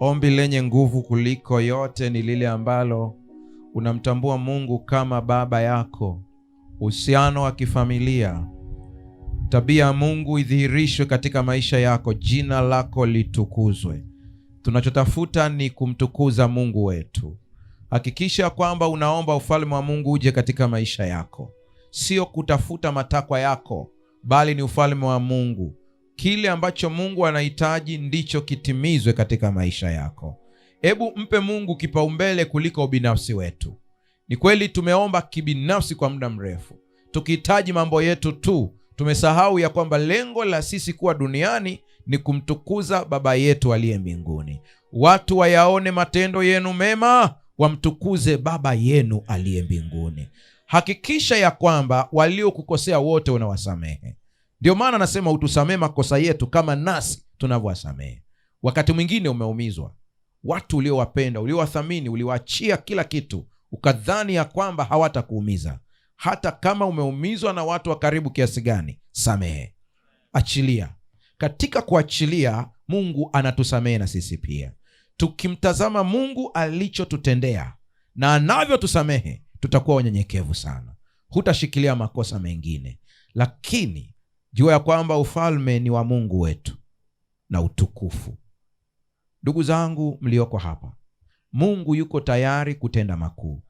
Ombi lenye nguvu kuliko yote ni lile ambalo unamtambua Mungu kama baba yako. Uhusiano wa kifamilia, tabia ya Mungu idhihirishwe katika maisha yako, jina lako litukuzwe. Tunachotafuta ni kumtukuza Mungu wetu. Hakikisha kwamba unaomba ufalme wa Mungu uje katika maisha yako, sio kutafuta matakwa yako, bali ni ufalme wa Mungu. Kile ambacho Mungu anahitaji ndicho kitimizwe katika maisha yako. Hebu mpe Mungu kipaumbele kuliko ubinafsi wetu. Ni kweli tumeomba kibinafsi kwa muda mrefu, tukihitaji mambo yetu tu. Tumesahau ya kwamba lengo la sisi kuwa duniani ni kumtukuza Baba yetu aliye mbinguni. Watu wayaone matendo yenu mema, wamtukuze Baba yenu aliye mbinguni. Hakikisha ya kwamba waliokukosea wote unawasamehe. Ndio maana anasema utusamee makosa yetu kama nasi tunavyowasamehe. Wakati mwingine umeumizwa, watu uliowapenda, uliowathamini, uliwaachia kila kitu, ukadhani ya kwamba hawatakuumiza. Hata kama umeumizwa na watu wa karibu kiasi gani, samehe, achilia. Katika kuachilia, Mungu anatusamehe na sisi pia. Tukimtazama Mungu alichotutendea na anavyotusamehe, tutakuwa unyenyekevu sana, hutashikilia makosa mengine, lakini jua ya kwamba ufalme ni wa Mungu wetu na utukufu. Ndugu zangu mlioko hapa, Mungu yuko tayari kutenda makuu,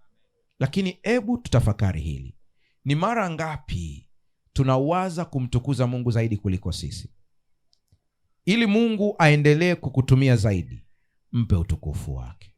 lakini hebu tutafakari hili. Ni mara ngapi tunawaza kumtukuza Mungu zaidi kuliko sisi? Ili Mungu aendelee kukutumia zaidi, mpe utukufu wake.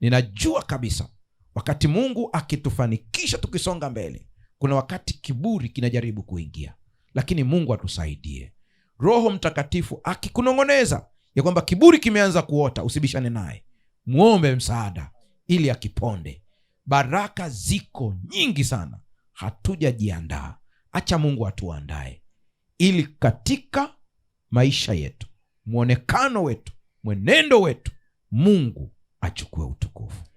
Ninajua kabisa wakati Mungu akitufanikisha tukisonga mbele, kuna wakati kiburi kinajaribu kuingia lakini Mungu atusaidie. Roho Mtakatifu akikunong'oneza ya kwamba kiburi kimeanza kuota, usibishane naye, mwombe msaada ili akiponde. Baraka ziko nyingi sana, hatujajiandaa. Acha Mungu atuandae ili katika maisha yetu, mwonekano wetu, mwenendo wetu, Mungu achukue utukufu.